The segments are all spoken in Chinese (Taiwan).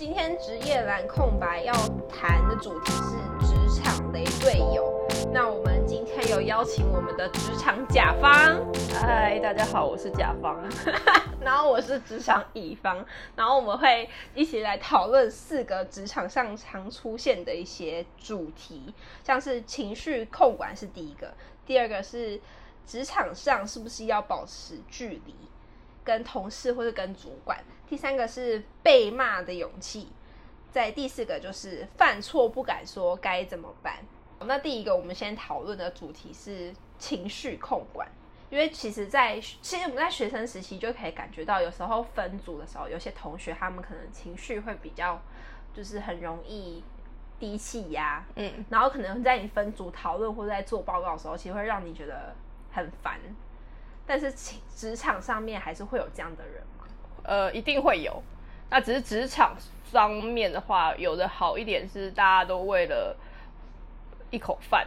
今天職業欄空白要談的主題是職場雷隊友。那我們今天有邀請我們的職場甲方，嗨，大家好，我是甲方， 然後我是職場乙方，然後我們會一起來討論四個職場上常出現的一些主題，像是情緒控管是第一個，第二個是職場上是不是要保持距離，跟同事或者跟主管。第三個是被罵的勇氣，在第四個就是犯錯不敢說該怎麼辦。那第一個我們先討論的主題是情緒控管，因為其實在，在其實我們在學生時期就可以感覺到，有時候分組的時候，有些同學他們可能情緒會比較，就是很容易低氣壓，嗯，然後可能在你分組討論或者在做報告的時候，其實會讓你覺得很煩，但是情職場上面還是會有這樣的人。呃，一定會有。那只是職場方面的話，有的好一點是大家都為了一口飯，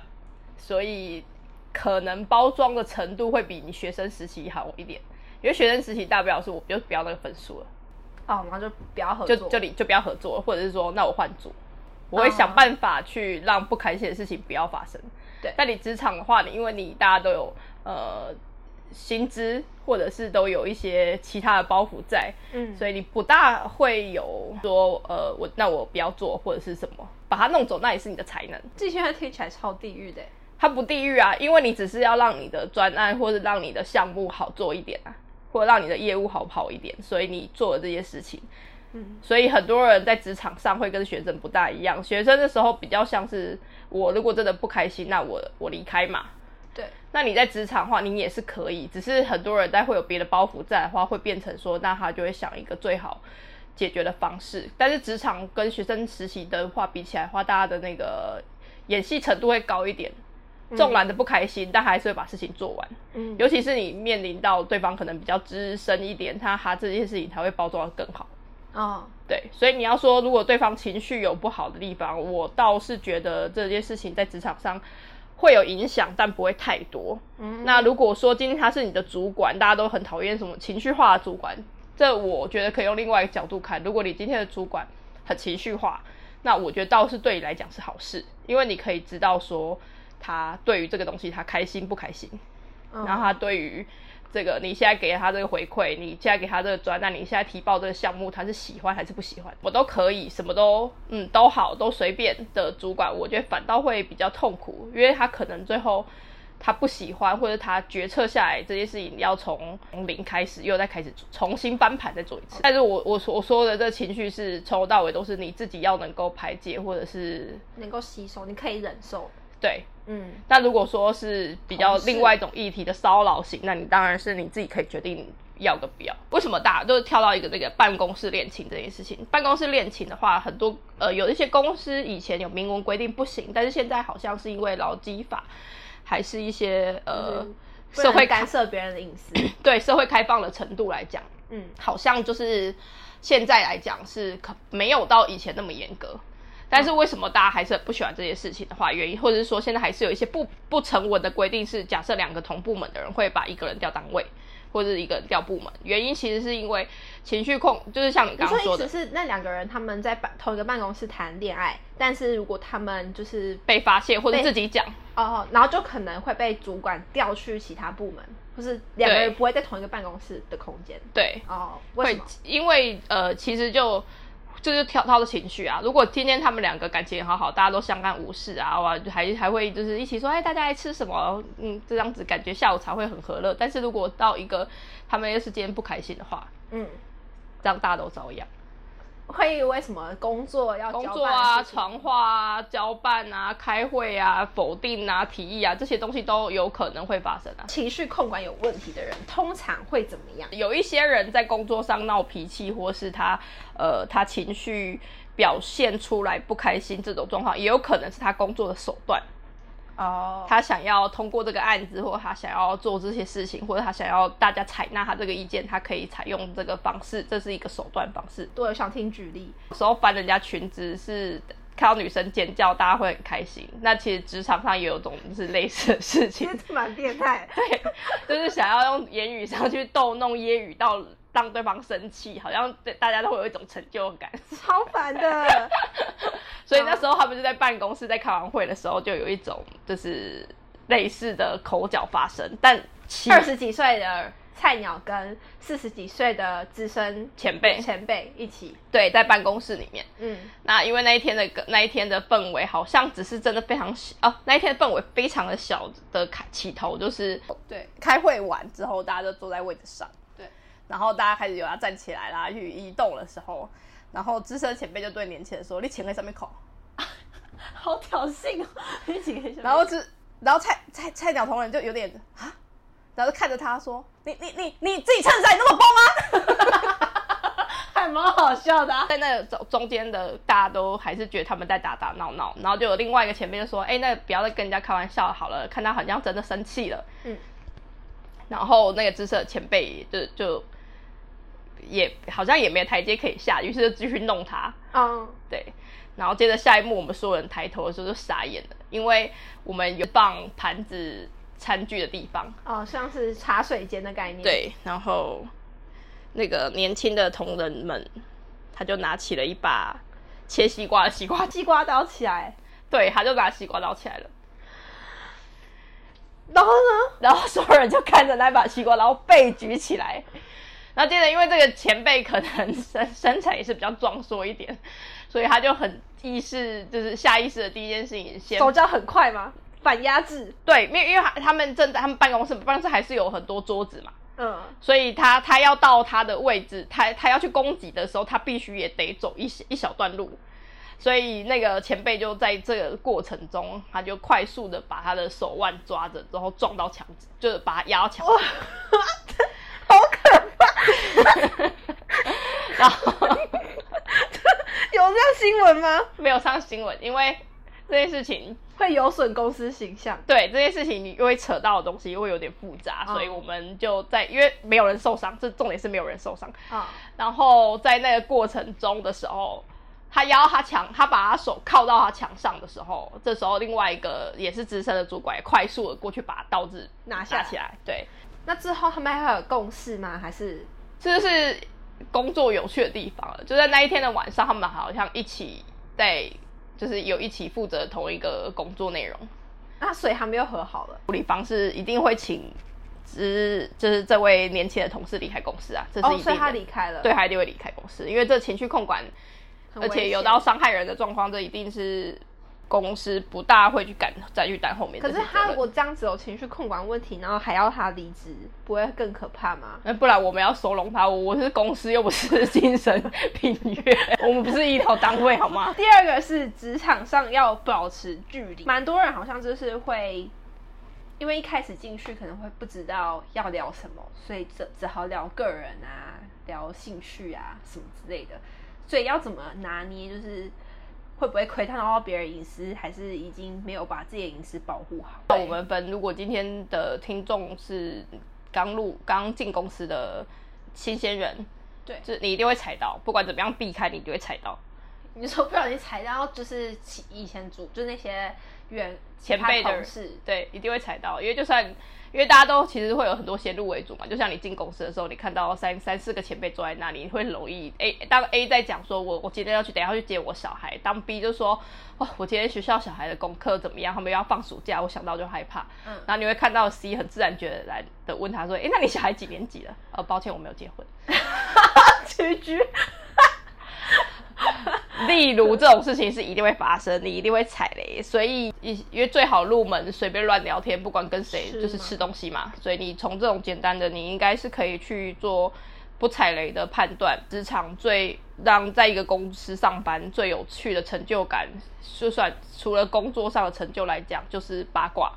所以可能包裝的程度會比你學生時期好一點。因為學生時期代表是我就不要那個分數了哦、啊，然後就不要合作就這裡就，就不要合作了，或者是說那我換組，我會想辦法去讓不開心的事情不要發生。啊、對，但你職場的話，你因為你大家都有呃薪資。或者是都有一些其他的包袱在，嗯，所以你不大會有說，呃，我那我不要做或者是什麼，把它弄走，那也是你的才能。這些話聽起來超地獄的，它不地獄啊，因為你只是要讓你的專案或者讓你的項目好做一點啊，或者讓你的業務好跑一點，所以你做了這些事情，嗯，所以很多人在職場上會跟學生不大一樣，學生的時候比較像是，我如果真的不開心，那我我離開嘛。對，那你在職場的話，你也是可以，只是很多人在會有別的包袱在的話，會變成說，那他就會想一個最好解決的方式。但是職場跟學生實習的話比起來的話，大家的那個演戲程度會高一點，嗯、縱然的不開心，但還是會把事情做完，嗯。尤其是你面臨到對方可能比較資深一點，他他這件事情才會包裝得更好。哦，對，所以你要說，如果對方情緒有不好的地方，我倒是覺得這件事情在職場上。會有影響，但不會太多。嗯。那如果說今天他是你的主管，大家都很討厭什麼情緒化的主管，這我覺得可以用另外一個角度看。如果你今天的主管很情緒化，那我覺得倒是對你來講是好事，因為你可以知道說他對於這個東西他開心不開心，哦。然後他對於。這個你現在給他這個回饋，你現在給他這個專案，那你現在提報這個項目，他是喜歡還是不喜歡？我都可以，什麼都嗯都好，都隨便的主管，我覺得反倒會比較痛苦，因為他可能最後他不喜歡，或者他決策下來這些事情，你要從零開始，又再開始重新翻盤再做一次。Okay. 但是我我所說的這個情緒是從頭到尾都是你自己要能夠排解，或者是能夠吸收，你可以忍受。對，嗯，那如果說是比較另外一種議題的騷擾型，那你當然是你自己可以決定要個表不要。為什麼大就是跳到一個這個辦公室戀情這件事情？辦公室戀情的話，很多呃有一些公司以前有明文規定不行，但是現在好像是因為勞基法，還是一些呃社會、嗯、干涉別人的隱私，對社會開放的程度來講，嗯，好像就是現在來講是可沒有到以前那麼嚴格。但是為什麼大家還是不喜歡這些事情的話？原因，或者是說現在還是有一些不不成文的規定，是假設兩個同部門的人會把一個人調單位，或者一個調部門。原因其實是因為情緒控，就是像你剛剛說的，說是那兩個人他們在辦同一個辦公室談戀愛，但是如果他們就是被發現或者自己講哦，然後就可能會被主管調去其他部門，或是兩個人不會在同一個辦公室的空間。對，哦，為什麼？會因為呃，其實就。就是挑挑的情緒啊！如果今天他們兩個感情也好好，大家都相安無事啊，哇，還還會就是一起說，哎，大家來吃什麼？嗯，這樣子感覺下午茶會很和樂。但是如果到一個他們要是今天不開心的話，嗯，讓大家都遭殃。會為什麼工作要交工作啊？傳話啊，交辦啊，開會啊，否定啊，提議啊，這些東西都有可能會發生啊。情緒控管有問題的人通常會怎麼樣？有一些人在工作上鬧脾氣，或是他呃他情緒表現出來不開心，這種狀況也有可能是他工作的手段。哦、oh，他想要通過這個案子，或者他想要做這些事情，或者他想要大家採納他這個意見，他可以採用這個方式，這是一個手段方式。對，我想聽舉例。有時候翻人家裙子是看到女生尖叫，大家會很開心。那其實職場上也有種是類似的事情， 其實蠻變態。對，就是想要用言語上去逗弄揶揄、揶揄到讓對方生氣，好像對大家都會有一種成就感，超煩的。 所以那時候他們就在辦公室，在開完會的時候，就有一種就是類似的口角發生。但其實二十幾歲的菜鳥跟四十幾歲的資深前輩前輩一起，對，在辦公室裡面，嗯，那因為那一天的那一天的氛圍好像只是真的非常小、啊、那一天的氛圍非常的小的開起頭就是對，開會完之後，大家都坐在位置上，對，對，然後大家開始有要站起來啦去移動的時候。然後資深前輩就對年輕人說：“你錢在上面扣，好挑釁哦。 然”然後資然後菜菜菜鳥同仁就有點啊，然後就看着他說：“你你你你自己襯衫你那麼薄嗎？”還蠻好笑的、啊。在那中中間的大家都還是覺得他們在打打鬧鬧，然後就有另外一個前輩就說：“哎，那個、不要再跟人家開玩笑好了，看他好像真的生氣了。”嗯。然後那個資深前輩就就。也好像也沒有台階可以下，於是就繼續弄它。嗯、哦，對。然後接着下一幕，我們所有人抬頭的時候就傻眼了，因為我們有放盤子、餐具的地方。哦，像是茶水間的概念。對。然後那個年輕的同仁們，他就拿起了一把切西瓜的西瓜、西瓜刀起來。對，他就把西瓜刀起來了。然後呢？然後所有人就看着那把西瓜，然後被舉起來。那接着，因為這個前輩可能身身材也是比較壯碩一點，所以他就很意識，就是下意識的第一件事情先，先手腳很快嗎？反壓制，對，因為因為他，他們正在他們辦公室，辦公室還是有很多桌子嘛，嗯，所以他他要到他的位置，他他要去攻擊的時候，他必須也得走一一小段路，所以那個前輩就在這個過程中，他就快速的把他的手腕抓着，然後撞到牆，就是把他壓牆，哇、哦。 好可怕。哈哈哈哈哈，然後 有上新聞嗎？沒有上新聞，因為這件事情會有損公司形象。對，這件事情你因為扯到的東西會有點複雜，嗯，所以我們就在因為沒有人受傷，這重點是沒有人受傷。嗯、然後在那個過程中的時候，他邀他牆，他把他手靠到他牆上的時候，這時候另外一個也是資深的主管快速的過去把刀子拿下來拿起來。對。那之後他們還會有共事嗎？還是這就是工作有趣的地方了？就在那一天的晚上，他們好像一起在，就是有一起負責同一個工作內容。那、啊、所以他們又和好了。處理方式一定會請，只就是這位年輕的同事離開公司啊，這是一定。哦、所以他離開了，對，他一定會離開公司，因為這情緒控管很，而且有到傷害人的狀況，這一定是。公司不大會去趕在預單後面。可是他如果這樣子有情緒控管問題，然後還要他離職，不會更可怕嗎？那不然我們要收容他？我我是公司，又不是精神病院， 我們不是醫療單位好嗎？第二個是職場上要保持距離，蠻多人好像就是會，因為一開始進去可能會不知道要聊什麼，所以只只好聊個人啊，聊興趣啊什麼之類的，所以要怎麼拿捏就是。會不會窺探到別人隱私，還是已經沒有把自己的隱私保護好？那我們分，如果今天的聽眾是剛入、剛進公司的新鮮人，對，就你一定會踩到，不管怎麼樣避開，你就會踩到。你說不小心踩到就，就是起以前組，就那些原前輩同事，對，一定會踩到，因為就算因為大家都其實會有很多先入為主嘛。就像你進公司的時候，你看到三三四個前輩坐在那裡，你會容易 A 當 A 在講說，我我今天要去，等一下去接我小孩。當 B 就說，哦，我今天學校小孩的功課怎麼樣？他們又要放暑假，我想到就害怕。嗯，然後你會看到 C 很自然覺得來的問他說，哎，那你小孩幾年級了？呃、哦，抱歉，我沒有結婚，居哈。 例如這種事情是一定會發生，你一定會踩雷，所以因為最好入門隨便亂聊天，不管跟誰就是吃東西嘛，所以你從這種簡單的，你應該是可以去做不踩雷的判斷。職場最讓在一個公司上班最有趣的成就感，就算除了工作上的成就來講，就是八卦。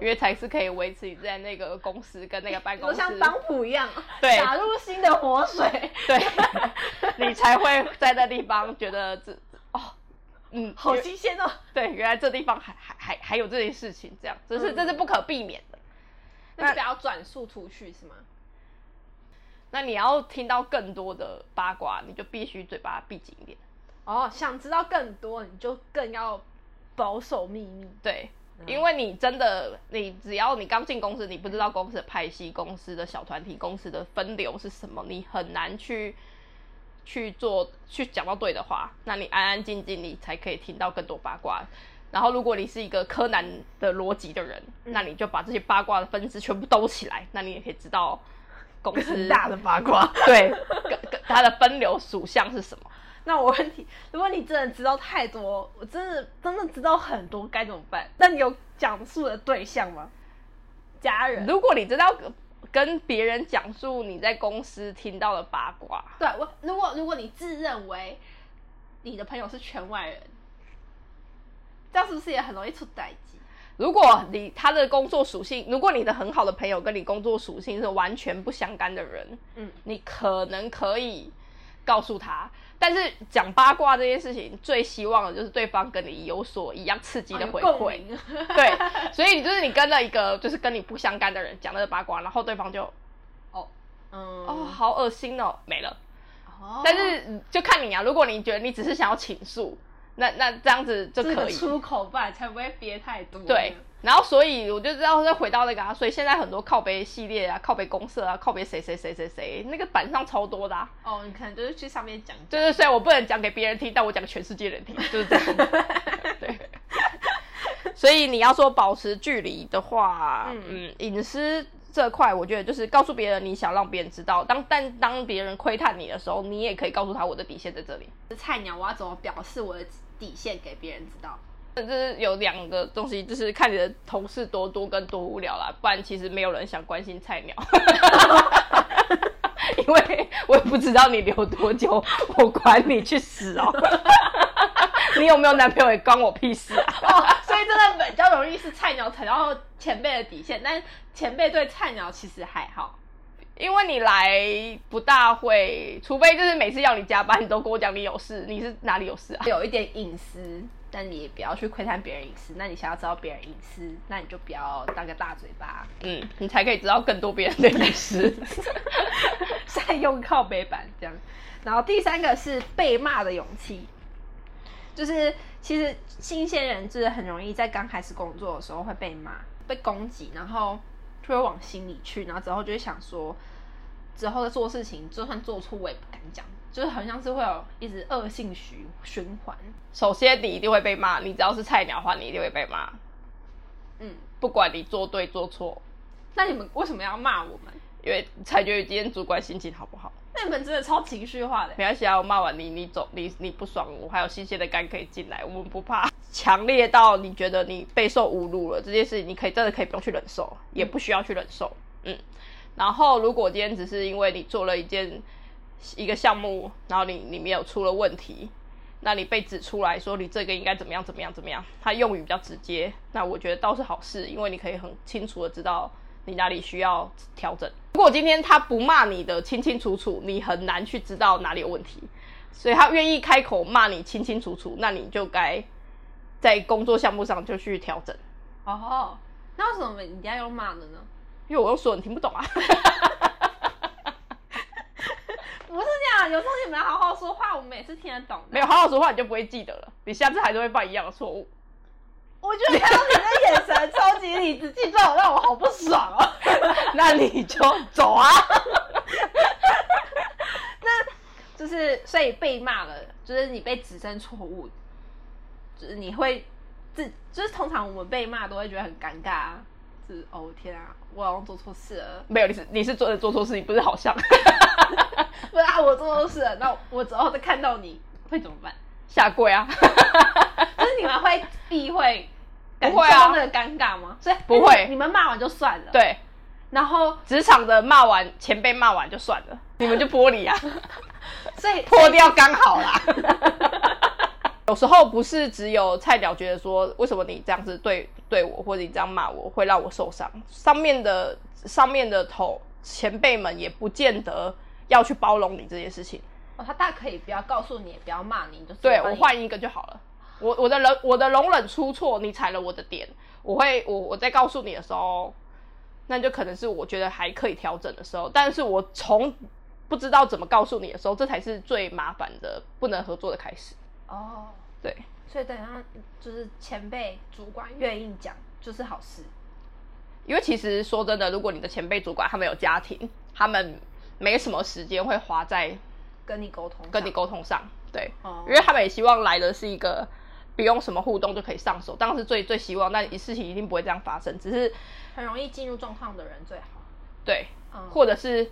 因為才是可以維持你在那個公司跟那個辦公室，好 像當鋪一樣，對，打入新的活水，對， 你才會在那地方覺得這哦，嗯，好新鮮哦。對，原來這地方還還還還有這些事情，這樣，只是這是不可避免的。嗯、那你要轉述出去是嗎？那你要聽到更多的八卦，你就必須嘴巴閉緊一點。哦，想知道更多，你就更要保守秘密，對。因為你真的，你只要你剛進公司，你不知道公司的派系、公司的小團體、公司的分流是什麼，你很難去去做去講到對的話。那你安安靜靜，你才可以聽到更多八卦。然後，如果你是一個柯南的邏輯的人、嗯，那你就把這些八卦的分支全部兜起來，那你也可以知道公司大的八卦， 對，跟跟它的分流屬相是什麼。那我問你，如果你真的知道太多，我真的真的知道很多該怎麼辦？那你有講述的對象嗎？家人？如果你真的要跟別人講述你在公司聽到的八卦，對我，如果如果你自認為你的朋友是圈外人，這樣是不是也很容易出代誌？如果你他的工作屬性，如果你的很好的朋友跟你工作屬性是完全不相干的人，嗯，你可能可以告訴他。但是講八卦這件事情、嗯，最希望的就是對方跟你有所一樣刺激的回饋，哦、 對，所以你就是你跟了一個就是跟你不相干的人講那個八卦，然後對方就，哦，嗯，哦，好惡心哦，沒了、哦。但是就看你啊，如果你覺得你只是想要傾訴，那那這樣子就可以、這個、出口吧，才不會憋太多。對。然後，所以我就知道再回到那個啊，所以現在很多靠北系列啊，靠北公社啊，靠北誰誰誰誰誰，那個板上超多的啊。哦、oh，你可能就是去上面講，講，就是雖然我不能講給別人聽，但我講全世界人聽，就是這樣的。 對。 所以你要說保持距離的話，嗯嗯，隱私這塊，我覺得就是告訴別人你想讓別人知道，當但當別人窺探你的時候，你也可以告訴他我的底線在這裡。菜鳥，我要怎麼表示我的底線給別人知道？就是有兩個東西，就是看你的同事多多跟多無聊啦，不然其實沒有人想關心菜鳥， 因為我也不知道你留多久，我管你去死哦， 你有沒有男朋友也關我屁事啊，oh, 所以真的比較容易是菜鳥踩到前輩的底線，但前輩對菜鳥其實還好，因為你來不大會，除非就是每次要你加班，你都跟我講你有事，你是哪裡有事啊？有一點隱私，但你也不要去窺探別人隱私。那你想要知道別人隱私，那你就不要當個大嘴巴，嗯，你才可以知道更多別人的隱私。 善用靠背板這樣。然後第三個是被罵的勇氣，就是其實新鮮人真的很容易在剛開始工作的時候會被罵、被攻擊，然後就會往心裡去，然後之後就會想說，之後的做事情就算做錯，我也不敢講。就是好像是會有一直惡性循循環。首先，你一定會被罵。你只要是菜鳥的話，你一定會被罵。嗯，不管你做對做錯。那你們為什麼要罵我們？因為取決於今天主管心情好不好。那你們真的超情緒化的。沒關係啊，我罵完你，你走，你你不爽，我還有新鮮的肝可以進來，我們不怕。強烈到你覺得你備受侮辱了這件事情，你可以真的可以不用去忍受，嗯，也不需要去忍受。嗯，然後如果今天只是因為你做了一件。一個項目，然後你裡面有出了問題，那你被指出來說你這個應該怎麼樣怎麼樣怎麼樣，他用語比較直接，那我覺得倒是好事，因為你可以很清楚的知道你哪裡需要調整。如果今天他不罵你的清清楚楚，你很難去知道哪裡有問題，所以他願意開口罵你清清楚楚，那你就該在工作項目上就去調整。哦，那為什麼人家要罵的呢？因為我又說你聽不懂啊。 啊、有時候你們要好好說話，我們也是聽得懂。沒有好好說話，你就不會記得了。你下次還是會犯一樣的錯誤。我覺得看到你的眼神超級理直氣壯，讓我好不爽哦。 那你就走啊。 那就是所以被罵了，就是你被指正錯誤，就是你會自就，就是通常我們被罵都會覺得很尷尬啊。哦，天啊，我好像做錯事了。沒有，你是你是做做錯事情，你不是好像。 不是啊，我做錯事了。那我，我只要再看到你會怎麼辦？下跪啊！ 就是你們會避諱，不會啊？那個尷尬嗎？所以不會，欸、你們罵完就算了。對。然後職場的罵完，前輩罵完就算了， 你們就玻璃啊 所。所以破掉剛好啦。 有時候不是只有菜鳥覺得說，為什麼你這樣子對對我，或者你這樣罵我，會讓我受傷。上面的上面的頭前輩們也不見得要去包容你這件事情。哦，他大可以不要告訴你，也不要罵你，你就是我幫你對我換一個就好了。我我的我的容忍出錯，你踩了我的點，我會我我在告訴你的時候，那就可能是我覺得還可以調整的時候。但是，我從不知道怎麼告訴你的時候，這才是最麻煩的，不能合作的開始。哦、oh,，對，所以等一下就是前輩主管願意講，就是好事。因為其實說真的，如果你的前輩主管他們有家庭，他們沒什麼時間會花在跟你溝通、跟你溝通上。對，oh. 因為他們也希望來的是一個不用什麼互動就可以上手，但是最最希望，但事情一定不會這樣發生，只是很容易進入狀況的人最好。對，oh. 或者是。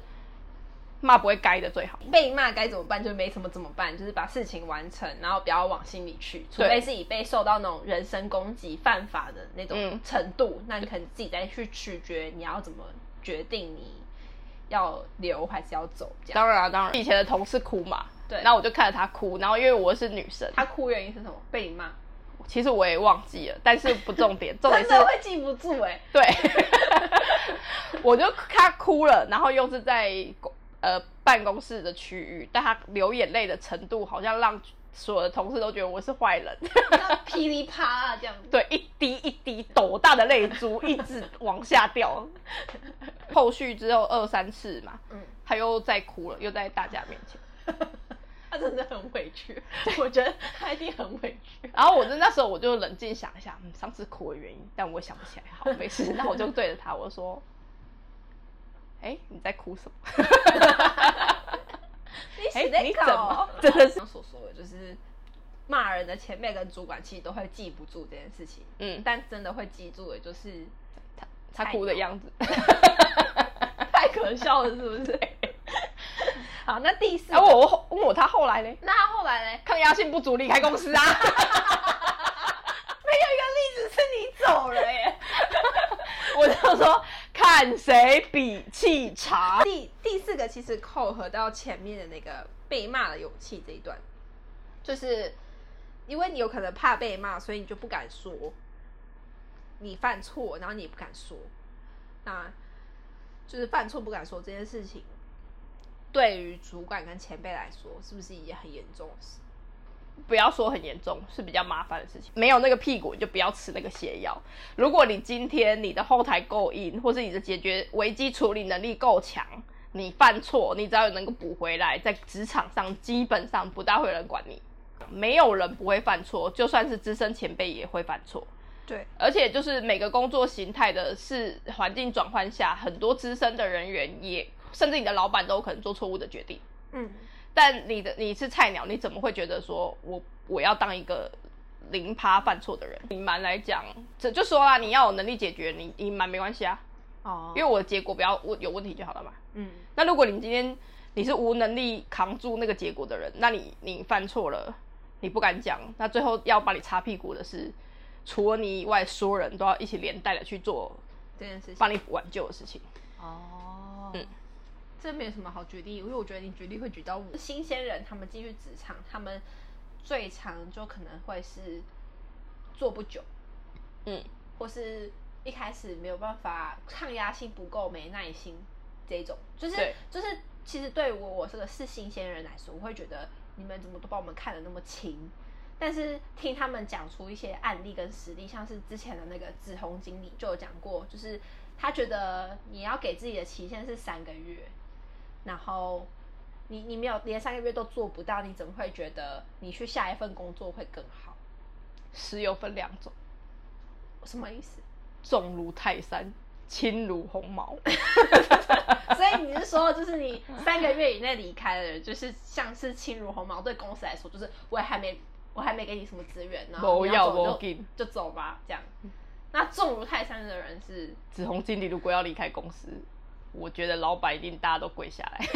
罵不會該的最好，被罵該怎麼辦？就沒什麼怎麼辦，就是把事情完成，然後不要往心裡去。除非自己被受到那種人身攻擊、犯法的那種程度、嗯，那你可能自己再去取決你要怎麼決定，你要留還是要走這樣。當然了、啊，當然，以前的同事哭嘛，對，那我就看着他哭，然後因為我是女生，他哭原因是什麼？被罵？其實我也忘記了，但是不重點， 重點是會記不住哎、欸。對， 我就她哭了，然後又是在。呃，辦公室的區域，但他流眼淚的程度好像讓所有的同事都覺得我是壞人，噼 里啪啦這樣子，對，一滴一滴斗大的淚珠一直往下掉。 後續之後二三次嘛、嗯，他又在哭了，又在大家面前， 他真的很委屈， 我覺得他一定很委屈。 然後我就那時候我就冷靜想一下、嗯，上次哭的原因，但我想不起來，好，沒事， 那我就對着他我說。哎、欸，你在哭什麼？ 你、欸、你在怎麼？真的是像、嗯、所說的，就是罵人的前輩跟主管其實都會記不住這件事情，嗯，但真的會記住的就是他他哭的樣子， 太可笑了，是不是？ 好，那第四、啊，我，我問我他後來呢？那他後來呢？抗壓性不足，離開公司啊！ 沒有一個例子是你走了耶， 我就說。看誰比氣長。第第四個其實扣合到前面的那個被罵的勇氣這一段，就是因為你有可能怕被罵，所以你就不敢說你犯錯，然後你也不敢說，那就是犯錯不敢說這件事情，對於主管跟前輩來說，是不是一件很嚴重的事？不要說很嚴重，是比較麻煩的事情。沒有那個屁股，你就不要吃那個瀉藥。如果你今天你的後台夠硬，或是你的解決危機處理能力夠強，你犯錯，你只要有能夠補回來，在職場上基本上不大會有人管你。沒有人不會犯錯，就算是資深前輩也會犯錯。對，而且就是每個工作形態的是環境轉換下，很多資深的人員也，甚至你的老闆都有可能做錯誤的決定。嗯。但你的你是菜鳥，你怎麼會覺得說我我要當一個零趴犯錯的人？隱瞞來講，這就說啦，你要有能力解決，你隱瞞沒關係啊。哦、oh.。因為我的結果不要問有問題就好了嘛。嗯。那如果你們今天你是無能力扛住那個結果的人，那你你犯錯了，你不敢講，那最後要把你擦屁股的是，除了你以外所有人都要一起連帶的去做的這件事情，幫你挽救的事情。哦。嗯。這沒有什麼好決定，因為我覺得你決定會舉到五新鮮人，他們進去職場，他們最長就可能會是做不久，嗯，或是一開始沒有辦法抗壓性不夠、沒耐心這種，就是就是，其實對於我我是個是新鮮人來說，我會覺得你們怎麼都把我們看得那麼輕，但是聽他們講出一些案例跟實例，像是之前的那個紫紅經理就有講過，就是他覺得你要給自己的期限是三個月。然後你你沒有連三個月都做不到，你怎麼會覺得你去下一份工作會更好？死有分兩種。什麼意思？重如泰山，輕如鴻毛。 所以你是說，就是你三個月以內離開的人， 就是像是輕如鴻毛，對公司來說，就是我還沒我還沒給你什麼資源，然後然後我就就走吧，這樣。那重如泰山的人是子宏經理，如果要離開公司。 我覺得老闆一定大家都跪下來，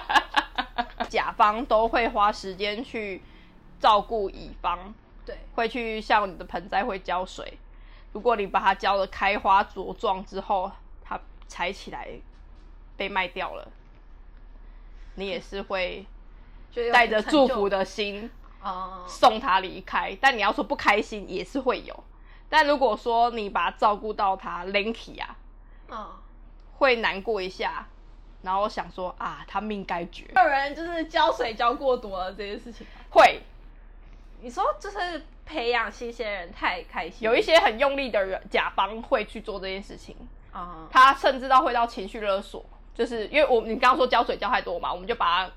甲方都會花時間去照顧乙方，對，會去向你的盆栽會澆水。如果你把它澆得開花茁壯之後，它採起來被賣掉了，你也是會帶着祝福的心送它離開。哦。但你要說不開心也是會有。但如果說你把它照顧到它靈體啊，哦會難過一下，然後我想說啊，他命該絕。有、這個、人就是澆水澆過多了這件事情，會。你說就是培養新鮮人太開心，有一些很用力的人，甲方會去做這件事情啊。Uh -huh. 他甚至到會到情緒勒索，就是因為我你剛剛說澆水澆太多嘛，我們就把他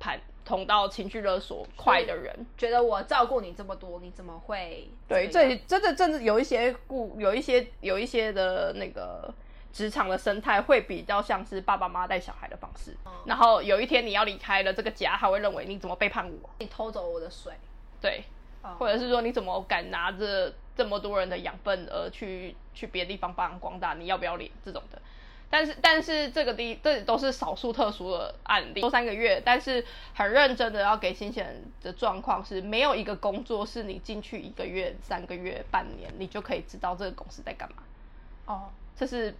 盤捅到情緒勒索快的人，覺得我照顧你這麼多，你怎麼會怎麼？對，這真的，真的有一些雇，有一些，有一些的那個。職場的生態會比較像是爸爸媽媽帶小孩的方式、哦，然後有一天你要離開了，這個家他會認為你怎麼背叛我？你偷走我的水，對，哦、或者是說你怎麼敢拿着這麼多人的養分而去去別的地方發揚光大？你要不要臉？這種的。但是但是這個第一這都是少數特殊的案例，多三個月，但是很認真的要給新鮮人的狀況是沒有一個工作是你進去一個月、三個月、半年，你就可以知道這個公司在幹嘛。哦，這是。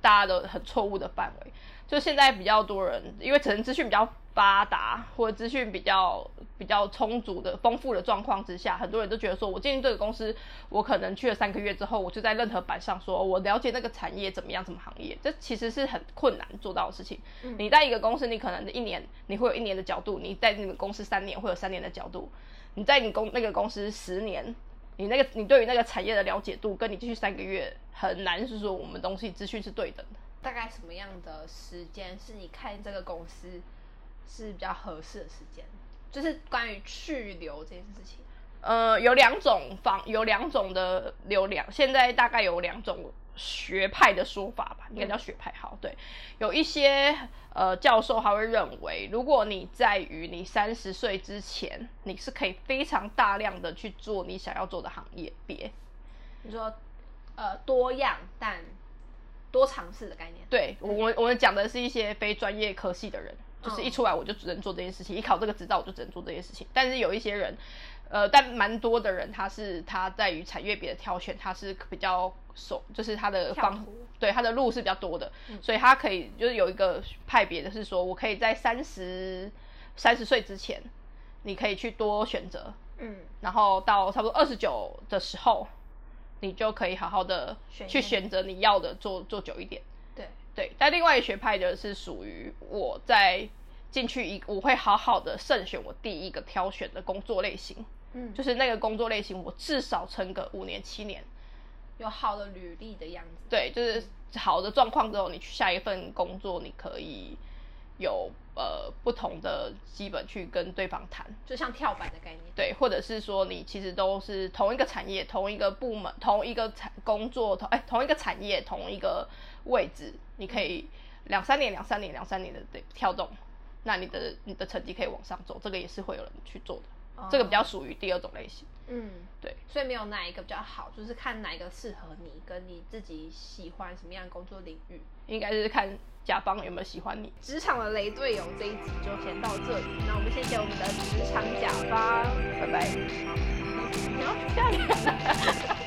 大家都很錯誤的範圍，就現在比較多人，因為可能資訊比較發達，或者資訊比較比較充足的、豐富的狀況之下，很多人都覺得說，我進入這個公司，我可能去了三個月之後，我就在任何板上說我了解那個產業怎麼樣，什麼行業，這其實是很困難做到的事情。嗯、你在一個公司，你可能一年你會有一年的角度，你在你們公司三年會有三年的角度，你在你公那個公司十年，你那個，你對於那個產業的了解度，跟你繼續三個月，很難是說我們東西資訊是對等的。大概什麼樣的時間是你看這個公司是比較合適的時間？就是關於去留這件事情。呃，有兩種方，有兩種的流量，現在大概有兩種。學派的說法吧，應該叫學派好、嗯。對，有一些呃教授他會認為，如果你在於你三十歲之前，你是可以非常大量的去做你想要做的行業。別，你說呃多樣但多嘗試的概念。對我，我我們講的是一些非專業科系的人，就是一出來我就只能做這件事情，哦、一考這個執照我就只能做這件事情。但是有一些人。呃，但蠻多的人，他是他在於產業別的挑選，他是比較熟，就是他的方，對他的路是比較多的，所以他可以就是有一個派別的是說，我可以在三十三十歲之前，你可以去多選擇，嗯，然後到差不多二十九的時候，你就可以好好的去選擇你要的做做久一點，對對。但另外一個學派的是屬於我在進去一，我會好好的慎選我第一個挑選的工作類型。嗯，就是那個工作類型，我至少撐個五年七年，有好的履歷的樣子。對，就是好的狀況之後，你去下一份工作，你可以有呃不同的基本去跟對方談，就像跳板的概念。對，或者是說你其實都是同一個產業、同一個部門、同一個產工作、同哎同一個產業、同一個位置，你可以兩三年、兩三年、兩三年的對跳動，那你的你的成績可以往上走，這個也是會有人去做的。這個比較屬於第二種類型，嗯，對，所以沒有哪一個比較好，就是看哪一個適合你，跟你自己喜歡什麼樣的工作領域，應該是看甲方有沒有喜歡你。職場的雷隊友這一集就先到這裡，那我們謝謝我們的職場甲方，拜拜。好好好好